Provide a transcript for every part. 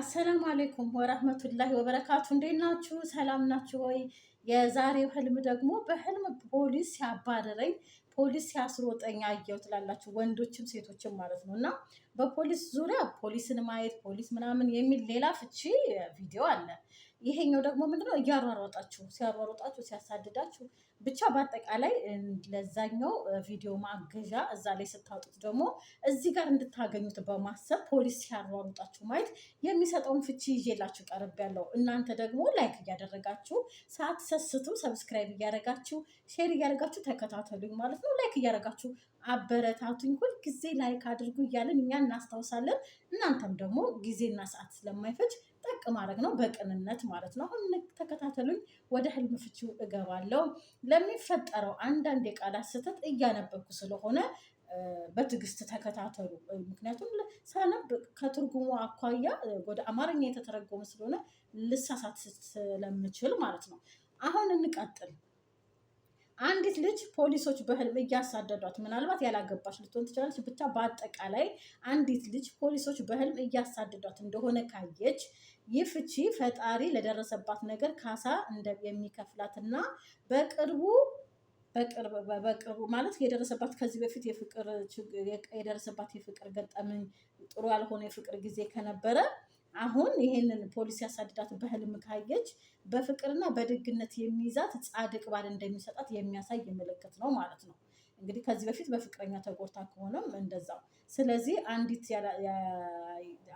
አሰላሙ አሌይኩም ወረህመቱላሂ ወበረካቱ። እንዴት ናችሁ? ሰላም ናችሁ ወይ? የዛሬው ህልም ደግሞ በህልም ፖሊስ ሲያባረረኝ ፖሊስ ሲያስሮጠኝ አየሁ ትላላችሁ፣ ወንዶችም ሴቶችም ማለት ነው። እና በፖሊስ ዙሪያ ፖሊስን ማየት ፖሊስ ምናምን የሚል ሌላ ፍቺ ቪዲዮ አለ። ይሄኛው ደግሞ ምንድነው እያሯሯጣችሁ ሲያሯሯጣችሁ ሲያሳድዳችሁ፣ ብቻ በአጠቃላይ ለዛኛው ቪዲዮ ማገዣ እዛ ላይ ስታወጡት ደግሞ እዚህ ጋር እንድታገኙት በማሰብ ፖሊስ ሲያሯሩጣችሁ ማየት የሚሰጠውን ፍቺ ይዤላችሁ ቀርብ ያለው። እናንተ ደግሞ ላይክ እያደረጋችሁ ሰስቱ ሰብስክራይብ እያደረጋችሁ ሼር እያደረጋችሁ ተከታተሉኝ ማለት ነው። ላይክ እያደረጋችሁ አበረታቱኝ። ጊዜ ላይክ አድርጉ እያለን እኛ እናስታውሳለን። እናንተም ደግሞ ጊዜና ሰዓት ስለማይፈጅ ሀቅ ማድረግ ነው፣ በቅንነት ማለት ነው። አሁን ተከታተሉኝ፣ ወደ ህልም ፍቺው እገባለሁ። ለሚፈጠረው አንዳንድ የቃላት ስህተት እያነበብኩ ስለሆነ በትዕግስት ተከታተሉ። ምክንያቱም ሳነብ ከትርጉሙ አኳያ ወደ አማርኛ የተተረጎመ ስለሆነ ልሳሳት ስለምችል ማለት ነው። አሁን እንቀጥል። አንዲት ልጅ ፖሊሶች በህልም እያሳደዷት ምናልባት ያላገባች ልትሆን ትችላለች። ብቻ በአጠቃላይ አንዲት ልጅ ፖሊሶች በህልም እያሳደዷት እንደሆነ ካየች ይህ ፍቺ ፈጣሪ ለደረሰባት ነገር ካሳ እና በቅርቡ በቅርቡ ማለት የደረሰባት ከዚህ በፊት የደረሰባት የፍቅር ገጠመኝ ጥሩ ያልሆነ የፍቅር ጊዜ ከነበረ አሁን ይሄንን ፖሊሲ ያሳድዳት በህልም ካየች በፍቅርና በደግነት የሚይዛት ጻድቅ ባል እንደሚሰጣት የሚያሳይ ምልክት ነው ማለት ነው። እንግዲህ ከዚህ በፊት በፍቅረኛ ተጎድታ ከሆነም እንደዛው። ስለዚህ አንዲት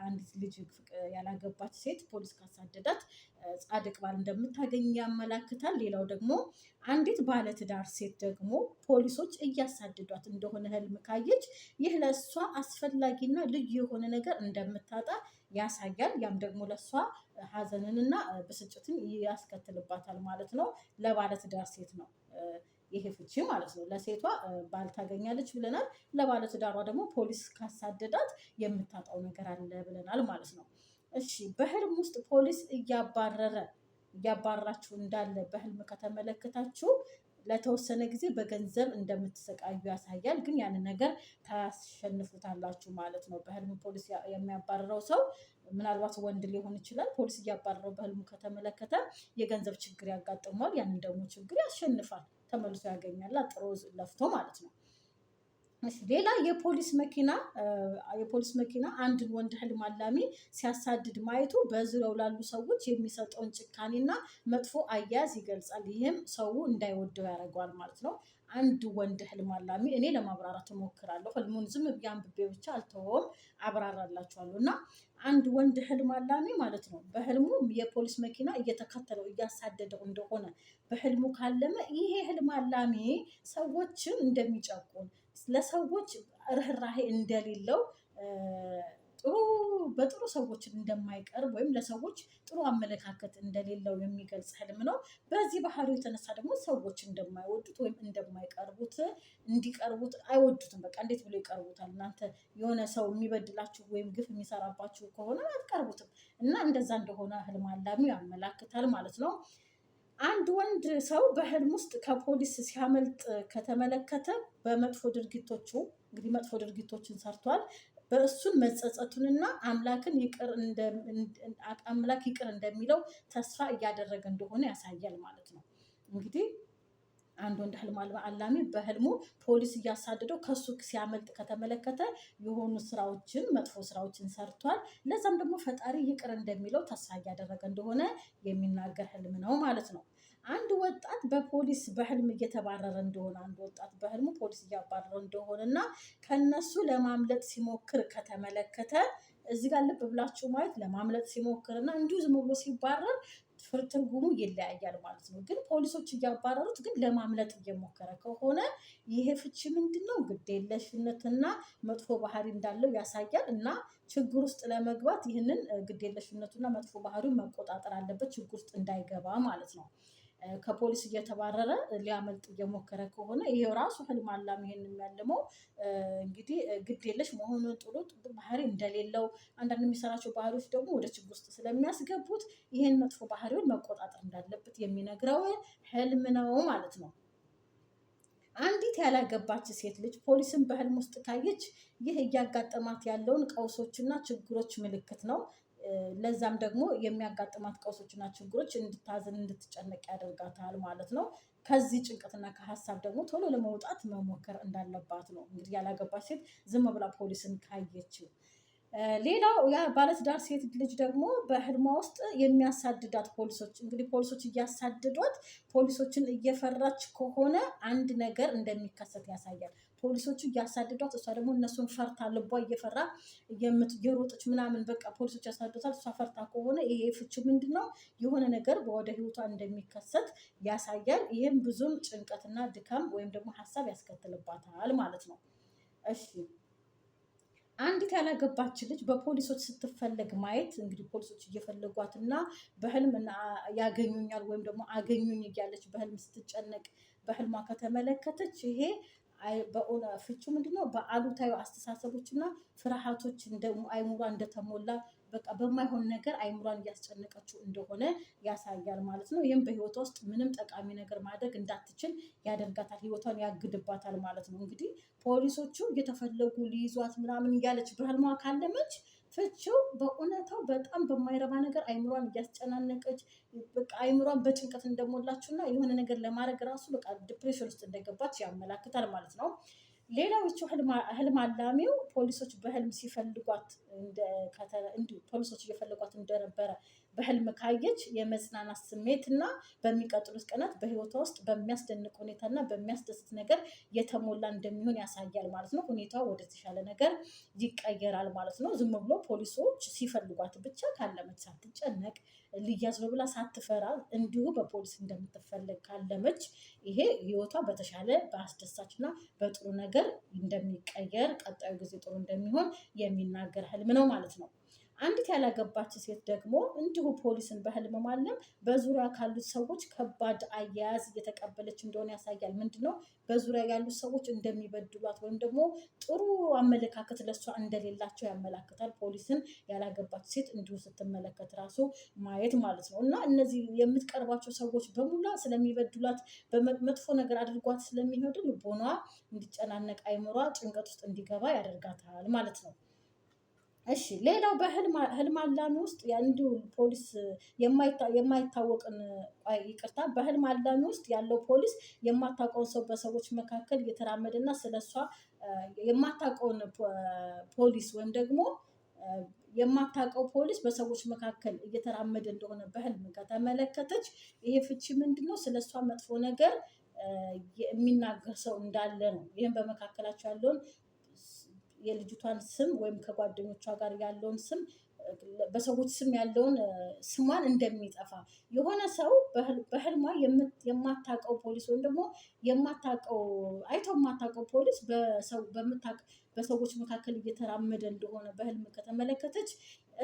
አንዲት ልጅ ያላገባች ሴት ፖሊስ ካሳደዳት ጻድቅ ባል እንደምታገኝ ያመላክታል። ሌላው ደግሞ አንዲት ባለትዳር ሴት ደግሞ ፖሊሶች እያሳደዷት እንደሆነ ህልም ካየች ይህ ለእሷ አስፈላጊና ልዩ የሆነ ነገር እንደምታጣ ያሳያል። ያም ደግሞ ለእሷ ሀዘንንና ብስጭትን ያስከትልባታል ማለት ነው። ለባለትዳር ሴት ነው። ይሄ ፍቺ ማለት ነው። ለሴቷ ባል ታገኛለች ብለናል። ለባለትዳሯ ደግሞ ፖሊስ ካሳደዳት የምታጣው ነገር አለ ብለናል ማለት ነው። እሺ በህልም ውስጥ ፖሊስ እያባረረ እያባረራችሁ እንዳለ በህልም ከተመለከታችሁ ለተወሰነ ጊዜ በገንዘብ እንደምትሰቃዩ ያሳያል። ግን ያንን ነገር ታሸንፉታላችሁ ማለት ነው። በህልም ፖሊስ የሚያባረረው ሰው ምናልባት ወንድ ሊሆን ይችላል። ፖሊስ እያባረረው በህልሙ ከተመለከተ የገንዘብ ችግር ያጋጥመዋል። ያንን ደግሞ ችግር ያሸንፋል። ተመልሶ ያገኛላ ጥሩ ለፍቶ ማለት ነው። ሌላ የፖሊስ መኪና የፖሊስ መኪና አንድን ወንድ ህልም አላሚ ሲያሳድድ ማየቱ በዙሪያው ላሉ ሰዎች የሚሰጠውን ጭካኔና መጥፎ አያያዝ ይገልጻል። ይህም ሰው እንዳይወደው ያደርገዋል ማለት ነው። አንድ ወንድ ህልም አላሚ እኔ ለማብራራት እሞክራለሁ። ህልሙን ዝም ብዬ አንብቤ ብቻ አልተወውም፣ አብራራላችኋለሁ። እና አንድ ወንድ ህልም አላሚ ማለት ነው በህልሙ የፖሊስ መኪና እየተከተለው እያሳደደው እንደሆነ በህልሙ ካለመ ይሄ ህልም አላሚ ሰዎችን እንደሚጨቁን ለሰዎች ርኅራሄ እንደሌለው ጥሩ በጥሩ ሰዎች እንደማይቀርብ ወይም ለሰዎች ጥሩ አመለካከት እንደሌለው የሚገልጽ ህልም ነው። በዚህ ባህሪው የተነሳ ደግሞ ሰዎች እንደማይወዱት ወይም እንደማይቀርቡት እንዲቀርቡት አይወዱትም። በቃ እንዴት ብሎ ይቀርቡታል? እናንተ የሆነ ሰው የሚበድላችሁ ወይም ግፍ የሚሰራባችሁ ከሆነ አትቀርቡትም እና እንደዛ እንደሆነ ህልም አላሚው ያመላክታል ማለት ነው። አንድ ወንድ ሰው በህልም ውስጥ ከፖሊስ ሲያመልጥ ከተመለከተ በመጥፎ ድርጊቶቹ እንግዲህ መጥፎ ድርጊቶችን ሰርቷል። በእሱን መጸጸቱንና አምላክን ይቅር አምላክ ይቅር እንደሚለው ተስፋ እያደረገ እንደሆነ ያሳያል ማለት ነው እንግዲህ አንድ ወንድ ህልም አልባ አላሚ በህልሙ ፖሊስ እያሳደደው ከሱ ሲያመልጥ ከተመለከተ የሆኑ ስራዎችን መጥፎ ስራዎችን ሰርቷል። ለዛም ደግሞ ፈጣሪ ይቅር እንደሚለው ተስፋ እያደረገ እንደሆነ የሚናገር ህልም ነው ማለት ነው። አንድ ወጣት በፖሊስ በህልም እየተባረረ እንደሆነ አንድ ወጣት በህልሙ ፖሊስ እያባረረ እንደሆነ እና ከነሱ ለማምለጥ ሲሞክር ከተመለከተ እዚህ ጋር ልብ ብላችሁ ማየት ለማምለጥ ሲሞክር እና እንዲሁ ዝም ብሎ ሲባረር ትርጉሙ ይለያያል ማለት ነው። ግን ፖሊሶች እያባረሩት ግን ለማምለጥ እየሞከረ ከሆነ ይሄ ፍቺ ምንድን ነው? ግዴለሽነትና መጥፎ ባህሪ እንዳለው ያሳያል እና ችግር ውስጥ ለመግባት ይህንን ግዴለሽነቱና መጥፎ ባህሪውን መቆጣጠር አለበት፣ ችግር ውስጥ እንዳይገባ ማለት ነው። ከፖሊስ እየተባረረ ሊያመልጥ እየሞከረ ከሆነ ይሄው ራሱ ህልም አላም ይሄን የሚያልመው እንግዲህ ግድ የለሽ መሆኑን ጥሩ ባህሪ እንደሌለው አንዳንድ የሚሰራቸው ባህሪዎች ደግሞ ወደ ችግር ውስጥ ስለሚያስገቡት ይሄን መጥፎ ባህሪውን መቆጣጠር እንዳለበት የሚነግረው ህልም ነው ማለት ነው። አንዲት ያላገባች ሴት ልጅ ፖሊስን በህልም ውስጥ ካየች ይህ እያጋጠማት ያለውን ቀውሶችና ችግሮች ምልክት ነው። ለዛም ደግሞ የሚያጋጥማት ቀውሶችና ችግሮች እንድታዝን እንድትጨነቅ ያደርጋታል ማለት ነው። ከዚህ ጭንቀትና ከሀሳብ ደግሞ ቶሎ ለመውጣት መሞከር እንዳለባት ነው እንግዲህ ያላገባች ሴት ዝም ብላ ፖሊስን ካየችው። ሌላው ያ ባለትዳር ሴት ልጅ ደግሞ በህልሟ ውስጥ የሚያሳድዳት ፖሊሶች እንግዲህ ፖሊሶች እያሳድዷት ፖሊሶችን እየፈራች ከሆነ አንድ ነገር እንደሚከሰት ያሳያል። ፖሊሶቹ እያሳደዷት፣ እሷ ደግሞ እነሱን ፈርታ ልቧ እየፈራ የሮጠች ምናምን በቃ ፖሊሶች ያሳደዷታል። እሷ ፈርታ ከሆነ ይሄ ፍቺ ምንድን ነው? የሆነ ነገር በወደ ህይወቷ እንደሚከሰት ያሳያል። ይህም ብዙም ጭንቀትና ድካም ወይም ደግሞ ሀሳብ ያስከትልባታል ማለት ነው። እሺ አንዲት ያላገባች ልጅ በፖሊሶች ስትፈለግ ማየት እንግዲህ ፖሊሶች እየፈለጓት እና በህልም ያገኙኛል ወይም ደግሞ አገኙኝ እያለች በህልም ስትጨነቅ በህልሟ ከተመለከተች ይሄ ፍቹ ምንድነው? በአሉታዊ አስተሳሰቦችና ፍርሃቶች አይምሯ እንደተሞላ በቃ በማይሆን ነገር አይምሯን እያስጨነቀችው እንደሆነ ያሳያል ማለት ነው። ይህም በህይወቷ ውስጥ ምንም ጠቃሚ ነገር ማድረግ እንዳትችል ያደርጋታል፣ ህይወቷን ያግድባታል ማለት ነው። እንግዲህ ፖሊሶቹ እየተፈለጉ ሊይዟት ምናምን እያለች ብርሃን ካለመች ፍቺው በእውነታው በጣም በማይረባ ነገር አይምሯን እያስጨናነቀች በቃ አይምሯን በጭንቀት እንደሞላችሁና የሆነ ነገር ለማድረግ ራሱ በቃ ዲፕሬሽን ውስጥ እንደገባች ያመላክታል ማለት ነው። ሌላው ህልም አላሚው ፖሊሶች በህልም ሲፈልጓት እንዲሁ ፖሊሶች እየፈልጓት እንደነበረ በህልም ካየች የመጽናናት ስሜት እና በሚቀጥሉት ቀናት በህይወቷ ውስጥ በሚያስደንቅ ሁኔታ እና በሚያስደስት ነገር የተሞላ እንደሚሆን ያሳያል ማለት ነው። ሁኔታ ወደ ተሻለ ነገር ይቀየራል ማለት ነው። ዝም ብሎ ፖሊሶች ሲፈልጓት ብቻ ካለመች ሳትጨነቅ ልያዝ በብላ ሳትፈራ እንዲሁ በፖሊስ እንደምትፈለግ ካለመች ይሄ ህይወቷ በተሻለ በአስደሳች እና በጥሩ ነገር እንደሚቀየር ቀጣዩ ጊዜ ጥሩ እንደሚሆን የሚናገር ህልም ነው ማለት ነው። አንዲት ያላገባች ሴት ደግሞ እንዲሁ ፖሊስን በህልም ማለም በዙሪያ ካሉት ሰዎች ከባድ አያያዝ እየተቀበለች እንደሆነ ያሳያል። ምንድን ነው በዙሪያ ያሉት ሰዎች እንደሚበድሏት ወይም ደግሞ ጥሩ አመለካከት ለሷ እንደሌላቸው ያመላክታል። ፖሊስን ያላገባች ሴት እንዲሁ ስትመለከት ራሱ ማየት ማለት ነው እና እነዚህ የምትቀርባቸው ሰዎች በሙላ ስለሚበድሏት መጥፎ ነገር አድርጓት ስለሚሄዱ ልቦኗ እንዲጨናነቅ አይምሯ ጭንቀት ውስጥ እንዲገባ ያደርጋታል ማለት ነው። እሺ ሌላው በህልም አላሚ ውስጥ የአንዱ ፖሊስ የማይታወቅን ይቅርታ በህልም አላሚ ውስጥ ያለው ፖሊስ የማታውቀውን ሰው በሰዎች መካከል ና ስለሷ የማታውቀውን ፖሊስ ወይም ደግሞ የማታውቀው ፖሊስ በሰዎች መካከል እየተራመደ እንደሆነ በህልም ከተመለከተች ይሄ ፍቺ ምንድነው? ስለሷ መጥፎ ነገር የሚናገር ሰው እንዳለ ነው። ይህም በመካከላቸው ያለውን የልጅቷን ስም ወይም ከጓደኞቿ ጋር ያለውን ስም በሰዎች ስም ያለውን ስሟን እንደሚጠፋ የሆነ ሰው በህልሟ የማታውቀው ፖሊስ ወይም ደግሞ የማታውቀው አይተው የማታውቀው ፖሊስ በሰዎች መካከል እየተራመደ እንደሆነ በህልም ከተመለከተች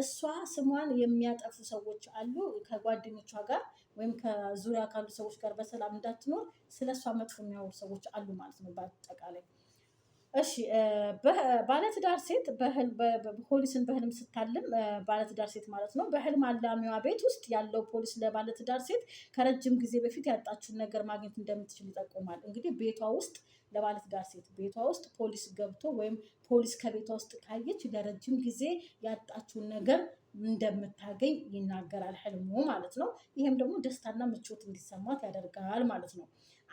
እሷ ስሟን የሚያጠፉ ሰዎች አሉ። ከጓደኞቿ ጋር ወይም ከዙሪያ ካሉ ሰዎች ጋር በሰላም እንዳትኖር ስለ እሷ መጥፎ የሚያወሩ ሰዎች አሉ ማለት ነው በአጠቃላይ እሺ ባለትዳር ሴት ፖሊስን በህልም ስታልም ባለትዳር ሴት ማለት ነው። በህልም አላሚዋ ቤት ውስጥ ያለው ፖሊስ ለባለትዳር ሴት ከረጅም ጊዜ በፊት ያጣችውን ነገር ማግኘት እንደምትችል ይጠቁማል። እንግዲህ ቤቷ ውስጥ ለባለትዳር ሴት ቤቷ ውስጥ ፖሊስ ገብቶ ወይም ፖሊስ ከቤቷ ውስጥ ካየች ለረጅም ጊዜ ያጣችውን ነገር እንደምታገኝ ይናገራል ህልሙ ማለት ነው። ይሄም ደግሞ ደስታና ምቾት እንዲሰማት ያደርጋል ማለት ነው።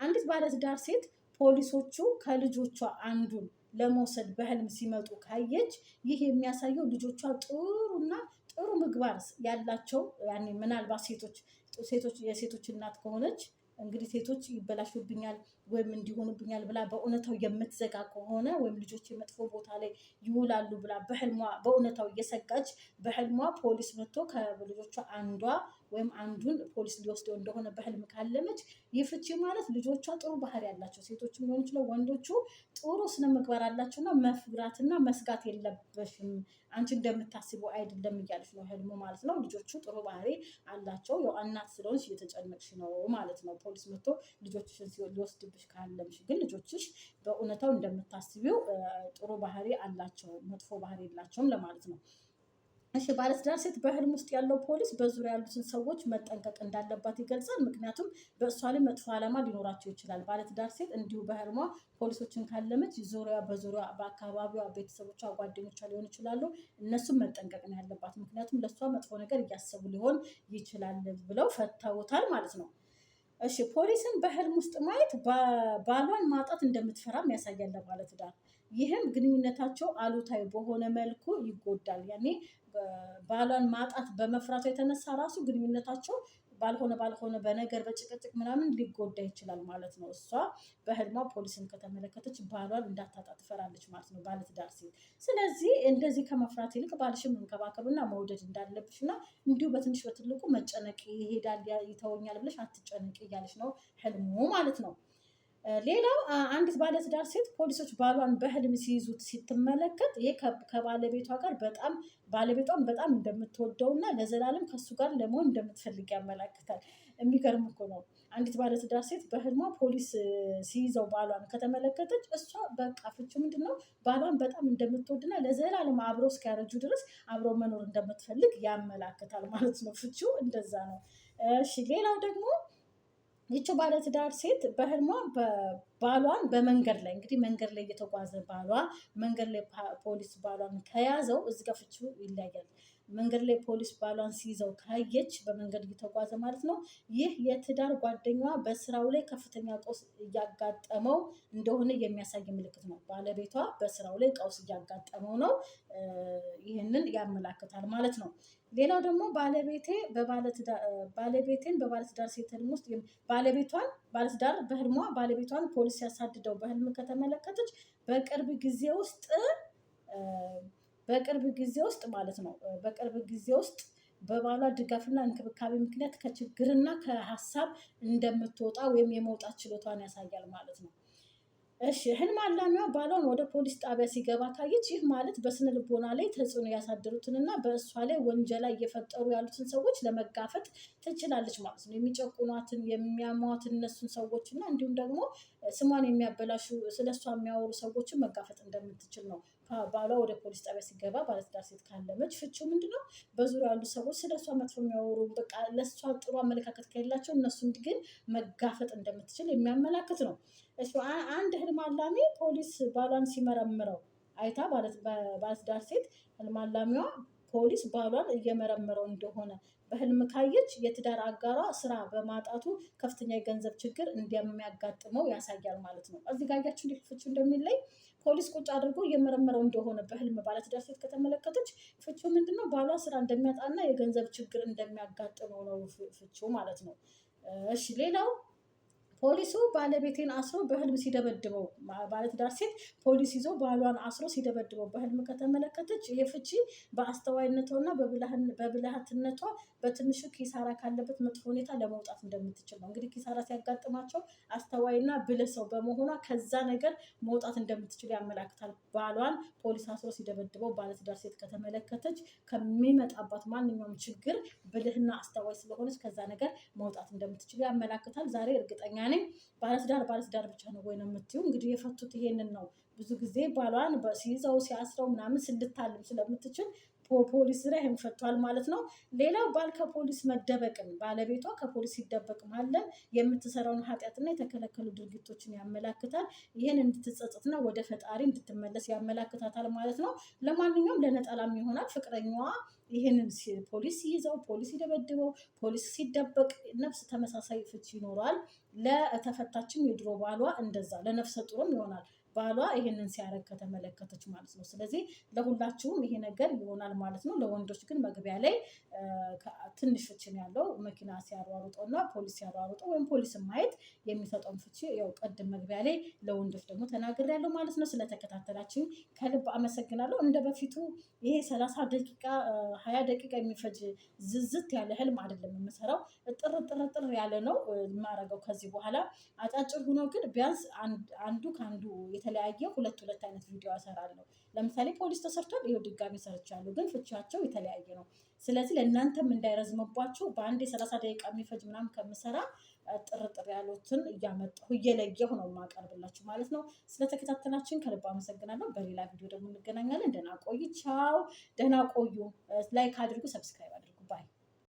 አንዲት ባለትዳር ሴት ፖሊሶቹ ከልጆቿ አንዱን ለመውሰድ በህልም ሲመጡ ካየች ይህ የሚያሳየው ልጆቿ ጥሩና ጥሩ ምግባር ያላቸው ምናልባት ሴቶች ሴቶች የሴቶች እናት ከሆነች እንግዲህ ሴቶች ይበላሹብኛል ወይም እንዲሆኑብኛል ብላ በእውነታው የምትዘጋ ከሆነ ወይም ልጆች የመጥፎ ቦታ ላይ ይውላሉ ብላ በህልሟ በእውነታው እየሰጋች በህልሟ ፖሊስ መጥቶ ከልጆቿ አንዷ ወይም አንዱን ፖሊስ ሊወስደው እንደሆነ በህልም ካለመች ይህ ፍቺ ማለት ልጆቿ ጥሩ ባህሪ ያላቸው ሴቶችም ሊሆን ይችላል፣ ወንዶቹ ጥሩ ስነ ምግባር አላቸውና መፍራትና መስጋት የለበሽም አንቺ እንደምታስቡ አይደለም እያለች ነው ህልሙ ማለት ነው። ልጆቹ ጥሩ ባህሪ አላቸው። ያው እናት ስለሆንሽ እየተጨነቅሽ ነው ማለት ነው። ፖሊስ መጥቶ ልጆችሽን ሊወስድብሽ ልጆችሽ ካለምሽ ግን ልጆችሽ በእውነታው እንደምታስቢው ጥሩ ባህሪ አላቸው፣ መጥፎ ባህሪ የላቸውም ለማለት ነው። እሺ ባለትዳር ሴት በህልም ውስጥ ያለው ፖሊስ በዙሪያ ያሉትን ሰዎች መጠንቀቅ እንዳለባት ይገልጻል። ምክንያቱም በእሷ ላይ መጥፎ ዓላማ ሊኖራቸው ይችላል። ባለትዳር ሴት እንዲሁ በህልሟ ፖሊሶችን ካለመች ዙሪያ በዙሪያ በአካባቢዋ ቤተሰቦቿ፣ ጓደኞቿ ሊሆን ይችላሉ። እነሱም መጠንቀቅ ነው ያለባት፣ ምክንያቱም ለእሷ መጥፎ ነገር እያሰቡ ሊሆን ይችላል ብለው ፈተውታል ማለት ነው። እሺ ፖሊስን በህልም ውስጥ ማየት ባሏን ማጣት እንደምትፈራም ያሳያል ለማለት ዳር ይህም ግንኙነታቸው አሉታዊ በሆነ መልኩ ይጎዳል። ያኔ ባሏን ማጣት በመፍራቱ የተነሳ ራሱ ግንኙነታቸው ባልሆነ ባልሆነ በነገር በጭቅጭቅ ምናምን ሊጎዳ ይችላል ማለት ነው። እሷ በህልሟ ፖሊስን ከተመለከተች ባሏን እንዳታጣ ትፈራለች ማለት ነው፣ ባለትዳር ሴት። ስለዚህ እንደዚህ ከመፍራት ይልቅ ባልሽን መንከባከብና መውደድ እንዳለብሽ እና እንዲሁ በትንሽ በትልቁ መጨነቅ ይሄዳል ይተወኛል ብለሽ አትጨነቂ እያለች ነው ህልሙ ማለት ነው። ሌላው አንዲት ባለትዳር ሴት ፖሊሶች ባሏን በህልም ሲይዙት ስትመለከት ይህ ከባለቤቷ ጋር በጣም ባለቤቷን በጣም እንደምትወደው እና ለዘላለም ከሱ ጋር ለመሆን እንደምትፈልግ ያመላክታል። የሚገርም እኮ ነው። አንዲት ባለትዳር ሴት በህልሟ ፖሊስ ሲይዘው ባሏን ከተመለከተች እሷ በቃ ፍቹ ምንድን ነው? ባሏን በጣም እንደምትወድና ለዘላለም አብሮ እስኪያረጁ ድረስ አብሮ መኖር እንደምትፈልግ ያመላክታል ማለት ነው። ፍቹ እንደዛ ነው። እሺ ሌላው ደግሞ ይቺ ባለትዳር ሴት በህልሟ ባሏን በመንገድ ላይ እንግዲህ መንገድ ላይ እየተጓዘ ባሏ መንገድ ላይ ፖሊስ ባሏን ከያዘው እዚህ ጋር ፍቺው ይለያል። መንገድ ላይ ፖሊስ ባሏን ሲይዘው ካየች በመንገድ እየተጓዘ ማለት ነው። ይህ የትዳር ጓደኛዋ በስራው ላይ ከፍተኛ ቀውስ እያጋጠመው እንደሆነ የሚያሳይ ምልክት ነው። ባለቤቷ በስራው ላይ ቀውስ እያጋጠመው ነው፣ ይህንን ያመላክታል ማለት ነው። ሌላው ደግሞ ባለቤቴ ባለቤቴን በባለትዳር ሴት ህልም ውስጥ ባለቤቷን ባለትዳር በህልሟ ባለቤቷን ፖሊስ ሲያሳድደው በህልም ከተመለከተች በቅርብ ጊዜ ውስጥ በቅርብ ጊዜ ውስጥ ማለት ነው በቅርብ ጊዜ ውስጥ በባሏ ድጋፍና እንክብካቤ ምክንያት ከችግርና ከሀሳብ እንደምትወጣ ወይም የመውጣት ችሎታዋን ያሳያል ማለት ነው። እሺ ህልም አላሚዋ ባሏን ወደ ፖሊስ ጣቢያ ሲገባ ካየች፣ ይህ ማለት በስነ ልቦና ላይ ተጽዕኖ ያሳደሩትንና በእሷ ላይ ወንጀላ እየፈጠሩ ያሉትን ሰዎች ለመጋፈጥ ትችላለች ማለት ነው። የሚጨቁኗትን፣ የሚያሟትን እነሱን ሰዎች እና እንዲሁም ደግሞ ስሟን የሚያበላሹ ስለ እሷ የሚያወሩ ሰዎችን መጋፈጥ እንደምትችል ነው ባሏ ወደ ፖሊስ ጣቢያ ሲገባ ባለትዳር ሴት ካለመች ፍቺው ምንድነው? በዙሪያ ያሉ ሰዎች ስለ እሷ መጥፎ የሚያወሩ በቃ ለእሷ ጥሩ አመለካከት ከሌላቸው እነሱ ግን መጋፈጥ እንደምትችል የሚያመላክት ነው። አንድ ህልም አላሚ ፖሊስ ባሏን ሲመረምረው አይታ ባለትዳር ሴት ህልም አላሚዋ ፖሊስ ባሏን እየመረመረው እንደሆነ በህልም ካየች የትዳር አጋሯ ስራ በማጣቱ ከፍተኛ የገንዘብ ችግር እንደሚያጋጥመው ያሳያል ማለት ነው። እዚህ ጋር ያችሁ እንዴት ፍቺው እንደሚለይ ፖሊስ ቁጭ አድርጎ እየመረመረው እንደሆነ በህልም ባለትዳር ሴት ከተመለከተች ፍቺው ምንድነው? ባሏ ስራ እንደሚያጣና የገንዘብ ችግር እንደሚያጋጥመው ነው ፍቺው ማለት ነው። እሺ ሌላው ፖሊሱ ባለቤቴን አስሮ በህልም ሲደበድበው፣ ባለትዳር ሴት ፖሊስ ይዞ ባሏን አስሮ ሲደበድበው በህልም ከተመለከተች ይህ ፍቺ በአስተዋይነቷና በብልሃትነቷ በትንሹ ኪሳራ ካለበት መጥፎ ሁኔታ ለመውጣት እንደምትችል ነው። እንግዲህ ኪሳራ ሲያጋጥማቸው አስተዋይና ብልህ ሰው በመሆኗ ከዛ ነገር መውጣት እንደምትችል ያመላክታል። ባሏን ፖሊስ አስሮ ሲደበድበው ባለትዳር ሴት ከተመለከተች ከሚመጣባት ማንኛውም ችግር ብልህና አስተዋይ ስለሆነች ከዛ ነገር መውጣት እንደምትችል ያመላክታል። ዛሬ እርግጠኛ እኔ ባለትዳር ባለትዳር ብቻ ነው ወይ ነው የምትይው? እንግዲህ የፈቱት ይሄንን ነው። ብዙ ጊዜ ባሏን ሲይዘው ሲያስረው ምናምን ስልታልም ስለምትችል ፖሊስ ላይ ይህም ፈቷል ማለት ነው። ሌላው ባል ከፖሊስ መደበቅም ባለቤቷ ከፖሊስ ይደበቅም አለ የምትሰራውን ኃጢአትና የተከለከሉ ድርጊቶችን ያመላክታል። ይህን እንድትጸጽትና ወደ ፈጣሪ እንድትመለስ ያመላክታታል ማለት ነው። ለማንኛውም ለነጠላም ይሆናል ፍቅረኛዋ ይህንን ፖሊስ ይዘው ፖሊስ ይደበድበው ፖሊስ ሲደበቅ ነፍስ ተመሳሳይ ፍች ይኖረዋል። ለተፈታችም የድሮ ባሏ እንደዛ ለነፍሰ ጡርም ይሆናል። ባሏ ይህንን ሲያደርግ ከተመለከተች ማለት ነው። ስለዚህ ለሁላችሁም ይሄ ነገር ይሆናል ማለት ነው። ለወንዶች ግን መግቢያ ላይ ትንሽ ያለው መኪና ሲያሯሩጠው እና ፖሊስ ሲያሯሩጠው ወይም ፖሊስን ማየት የሚሰጠውን ፍቺ ያው ቅድም መግቢያ ላይ ለወንዶች ደግሞ ያለው ማለት ነው። ስለተከታተላችሁ ከልብ አመሰግናለሁ። እንደ በፊቱ ይሄ ሰላሳ ደቂቃ ሀያ ደቂቃ የሚፈጅ ዝዝት ያለ ህልም አይደለም የምሰራው። ጥር ጥር ጥር ያለ ነው የማረገው ከዚህ በኋላ አጫጭር ሆኖ ግን ቢያንስ አንዱ ከአንዱ የተለያየ ሁለት ሁለት አይነት ቪዲዮ እሰራለሁ። ለምሳሌ ፖሊስ ተሰርቷል፣ ይኸው ድጋሚ ሰርቻለሁ፣ ግን ፍቻቸው የተለያየ ነው። ስለዚህ ለእናንተም እንዳይረዝምባችሁ በአንድ የሰላሳ ደቂቃ የሚፈጅ ምናምን ከምሰራ ጥርጥር ያሉትን እያመጣሁ እየለየሁ ነው የማቀርብላችሁ ማለት ነው። ስለተከታተላችን ከልብ አመሰግናለሁ። በሌላ ቪዲዮ ደግሞ እንገናኛለን። ደህና ቆይ፣ ቻው፣ ደህና ቆዩ። ላይክ አድርጉ፣ ሰብስክራይብ አድርጉ።